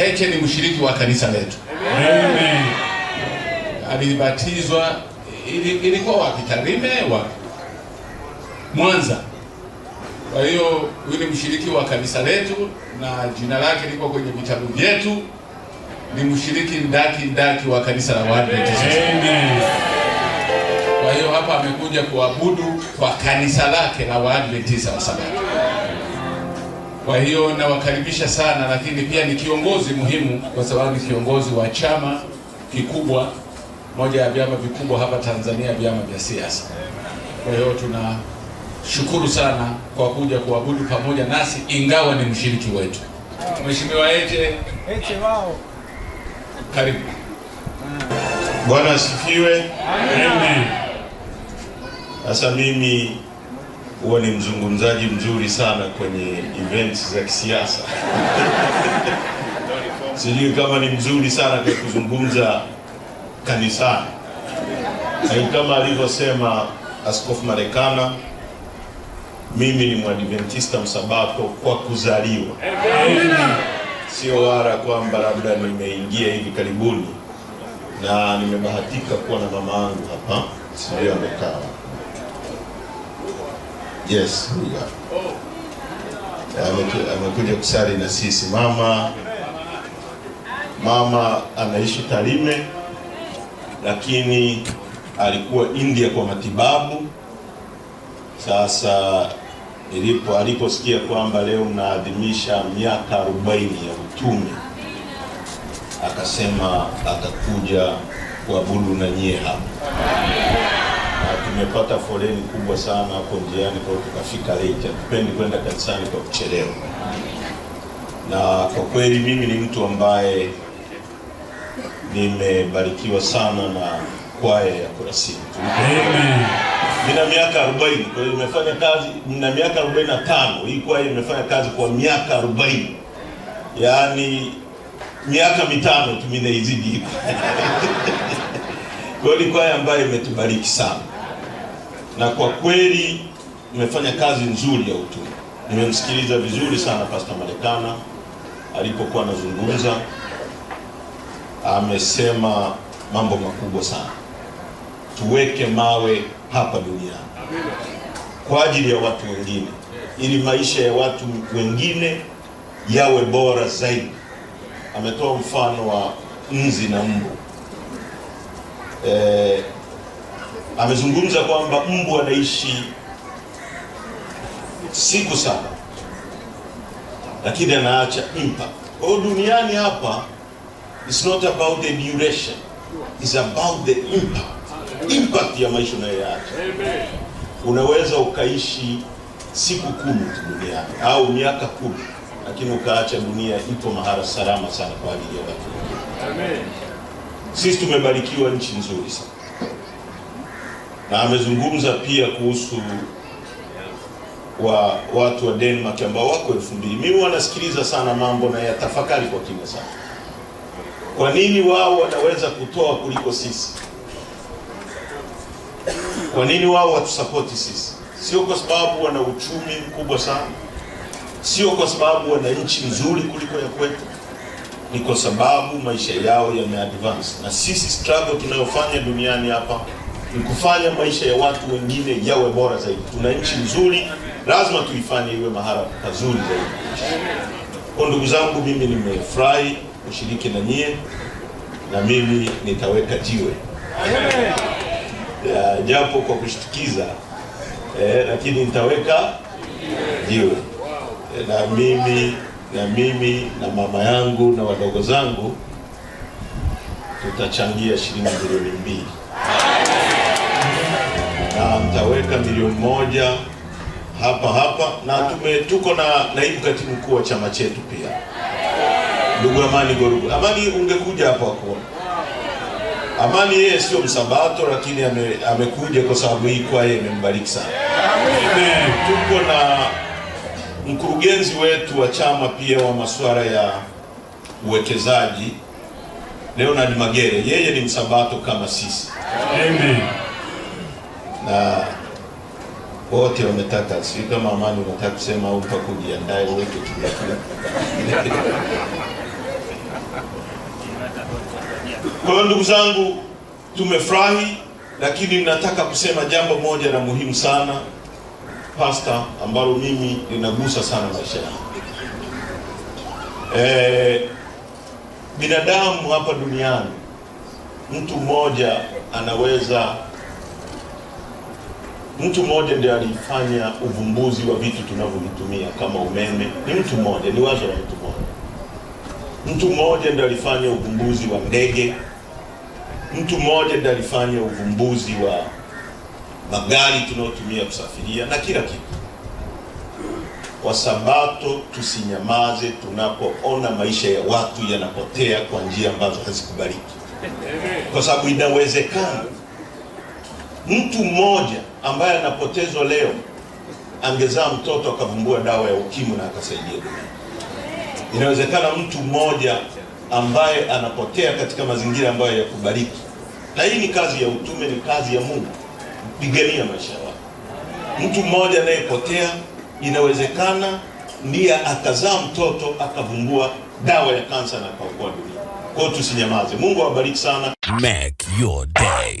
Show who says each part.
Speaker 1: Heche ni mshiriki wa kanisa letu.
Speaker 2: Amen.
Speaker 1: Alibatizwa ilikuwa wapi? Tarime wapi? Mwanza. Kwa hiyo huyu ni mshiriki wa kanisa letu na jina lake liko kwenye vitabu vyetu. Ni mshiriki ndaki ndaki wa kanisa la Waadventista. Amen. Kwa hiyo hapa amekuja kuabudu kwa kanisa lake la Waadventista wa Sabato. Kwa hiyo nawakaribisha sana, lakini pia ni kiongozi muhimu, kwa sababu ni kiongozi wa chama kikubwa, moja ya vyama vikubwa hapa Tanzania, vyama vya siasa. Kwa hiyo tunashukuru sana kwa kuja kuabudu pamoja nasi, ingawa ni mshiriki wetu. Mheshimiwa Heche, karibu.
Speaker 3: Bwana asifiwe. Amen. Sasa mimi huwa ni mzungumzaji mzuri sana kwenye events za kisiasa sijui kama ni mzuri sana kwa kuzungumza kanisani, lakini kama alivyosema Askofu Marekana, mimi ni mwadventista msabato kwa kuzaliwa, sio wara kwamba labda nimeingia hivi karibuni, na nimebahatika kuwa na mama yangu hapa, sijui amekaa Yes, oh. amekuja kusali na sisi. Mama mama anaishi Tarime, lakini alikuwa India kwa matibabu. Sasa ilipo aliposikia kwamba leo mnaadhimisha miaka 40 ya utume, akasema atakuja kuabudu na nyie hapa tumepata foleni kubwa sana hapo njiani, kwa tukafika late. Hatupendi kwenda kanisani kwa kuchelewa, na kwa kweli mimi ni mtu ambaye nimebarikiwa sana na kwaya ya Kurasini. Nina miaka 40, kwa hiyo nimefanya kazi, nina miaka 45. Hii kwaya imefanya kazi kwa miaka 40, yaani miaka mitano tumeizidi hivi. Kwa hiyo ni kwaya ambayo imetubariki sana na kwa kweli nimefanya kazi nzuri ya utume. Nimemsikiliza vizuri sana Pastor Marekana alipokuwa anazungumza, amesema mambo makubwa sana. Tuweke mawe hapa duniani kwa ajili ya watu wengine, ili maisha ya watu wengine yawe bora zaidi. Ametoa mfano wa nzi na mbu eh, amezungumza kwamba mbu anaishi siku saba, lakini anaacha impact. Kwa hiyo duniani hapa, it's not about the duration, is about the impact, impact ya maisha unayoyaacha. Unaweza ukaishi siku kumi tu duniani au miaka kumi, lakini ukaacha dunia ipo mahala salama sana kwa ajili ya watu. Sisi tumebarikiwa nchi nzuri sana na amezungumza pia kuhusu wa watu wa Denmark ambao wako elfu mbili. Mimi wanasikiliza sana mambo na yatafakari kwa kina sana, kwa nini wao wanaweza kutoa kuliko sisi? Kwa nini wao watusapoti sisi? Sio kwa sababu wana uchumi mkubwa sana, sio kwa sababu wana nchi nzuri kuliko ya kwetu, ni kwa sababu maisha yao yameadvance, na sisi struggle tunayofanya duniani hapa ni kufanya maisha ya watu wengine yawe bora zaidi. Tuna nchi nzuri, lazima tuifanye iwe mahala pazuri zaidi. Kwa ndugu zangu, mimi nimefurahi kushiriki na nyie, na mimi nitaweka jiwe ya, japo kwa kushtukiza eh, lakini nitaweka jiwe eh, na mimi na mimi na mama yangu na wadogo zangu tutachangia shilingi milioni mbili na mtaweka milioni moja hapa hapa na tume, tuko na naibu katibu mkuu wa chama chetu pia ndugu Amani Gorugu. Amani, ungekuja hapa kuona Amani, yeye sio msabato, lakini ame, amekuja kwa sababu hii kwa yeye imembariki sana. Amen. Tuko na mkurugenzi wetu wa chama pia wa masuala ya uwekezaji Leonard Magere, yeye ni msabato kama sisi. Amen na wote wametaka, sijui kama Amani unataka kusema au mpaka ujiandae uweke kiakula. Kwa hiyo ndugu zangu, tumefurahi, lakini nataka kusema jambo moja la muhimu sana pasta, ambalo mimi linagusa sana maisha yangu. Eh, binadamu hapa duniani mtu mmoja anaweza Mtu mmoja ndiye alifanya uvumbuzi wa vitu tunavyovitumia kama umeme. Ni mtu mmoja, ni wazo la mtu mmoja. Mtu mmoja ndiye alifanya uvumbuzi wa ndege. Mtu mmoja ndiye alifanya uvumbuzi wa magari tunayotumia kusafiria na kila kitu. Kwa Sabato tusinyamaze tunapoona maisha ya watu yanapotea kwa njia ambazo hazikubaliki, kwa sababu inawezekana Mtu mmoja ambaye anapotezwa leo angezaa mtoto akavumbua dawa ya ukimwi na akasaidia dunia. Inawezekana mtu mmoja ambaye anapotea katika mazingira ambayo yakubariki, na hii ni kazi ya utume, ni kazi ya Mungu. Pigania maisha yako. Mtu mmoja anayepotea inawezekana ndiye akazaa mtoto akavumbua dawa ya kansa na akaokoa dunia. Kwa hiyo tusinyamaze. Mungu awabariki sana. Make your day.